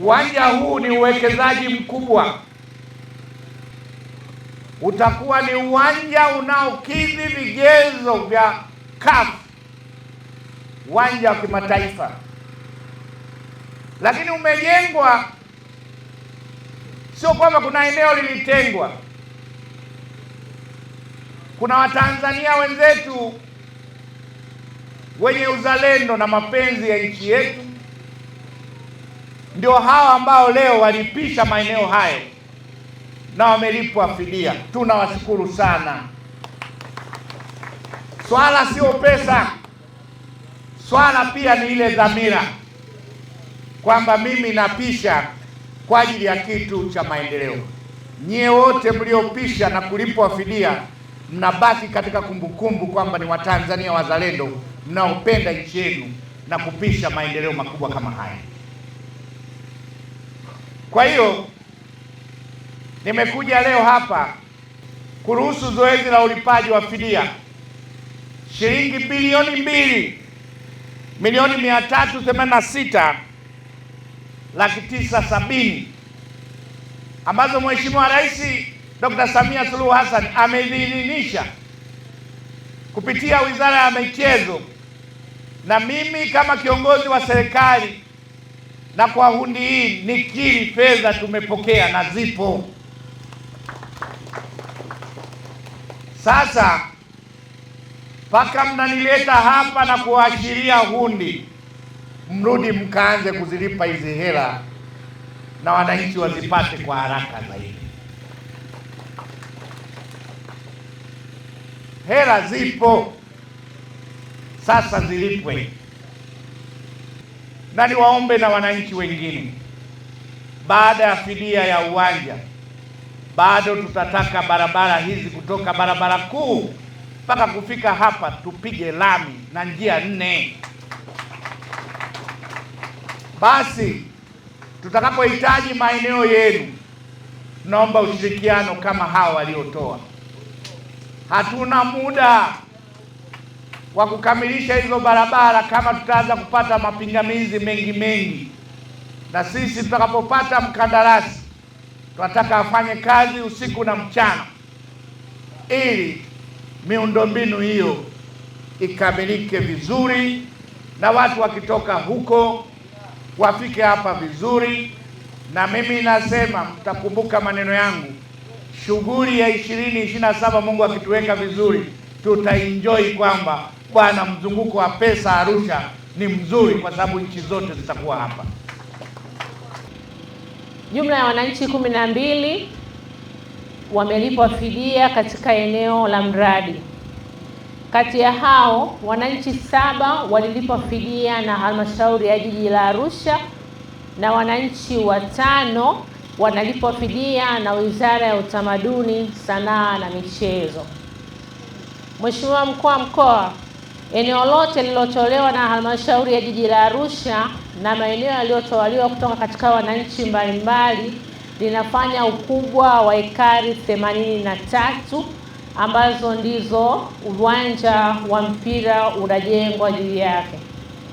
Uwanja huu ni uwekezaji mkubwa, utakuwa ni uwanja unaokidhi vigezo vya CAF, uwanja wa kimataifa, lakini umejengwa, sio kwamba kuna eneo lilitengwa. Kuna Watanzania wenzetu wenye uzalendo na mapenzi ya nchi yetu ndio hawa ambao leo walipisha maeneo hayo na wamelipwa fidia. Tunawashukuru sana. Swala sio pesa, swala pia ni ile dhamira kwamba mimi napisha kwa ajili ya kitu cha maendeleo. Nyie wote mliopisha na kulipwa fidia mnabaki katika kumbukumbu kwamba ni Watanzania wazalendo mnaopenda nchi yenu na kupisha maendeleo makubwa kama haya. Kwa hiyo nimekuja leo hapa kuruhusu zoezi la ulipaji wa fidia shilingi bilioni mbili milioni mia tatu themanini na sita laki tisa sabini ambazo Mheshimiwa Rais Dr. Samia Suluhu Hassan ameidhinisha kupitia Wizara ya Michezo, na mimi kama kiongozi wa serikali na kwa hundi hii nikiri, fedha tumepokea na zipo. Sasa mpaka mnanileta hapa na kuashiria hundi, mrudi mkaanze kuzilipa hizi hela na wananchi wazipate kwa haraka zaidi. Hela zipo sasa, zilipwe na niwaombe na wananchi wengine, baada ya fidia ya uwanja bado tutataka barabara hizi kutoka barabara kuu mpaka kufika hapa tupige lami na njia nne. Basi tutakapohitaji maeneo yenu, tunaomba ushirikiano kama hawa waliotoa. Hatuna muda wa kukamilisha hizo barabara, kama tutaanza kupata mapingamizi mengi mengi. Na sisi tutakapopata mkandarasi, tunataka afanye kazi usiku na mchana, ili miundombinu hiyo ikamilike vizuri, na watu wakitoka huko wafike hapa vizuri. Na mimi nasema, mtakumbuka maneno yangu, shughuli ya ishirini ishirini na saba Mungu akituweka vizuri, tutaenjoy kwamba bwana, mzunguko wa pesa Arusha ni mzuri, kwa sababu nchi zote zitakuwa hapa. Jumla ya wananchi kumi na mbili wamelipwa fidia katika eneo la mradi. Kati ya hao wananchi saba walilipwa fidia na halmashauri ya jiji la Arusha na wananchi watano wanalipwa fidia na Wizara ya Utamaduni, Sanaa na Michezo. Mheshimiwa Mkuu wa Mkoa eneo lote lililotolewa na halmashauri ya jiji la Arusha na maeneo yaliyotawaliwa kutoka katika wananchi mbalimbali linafanya ukubwa wa ekari 83 ambazo ndizo uwanja wa mpira unajengwa juu yake.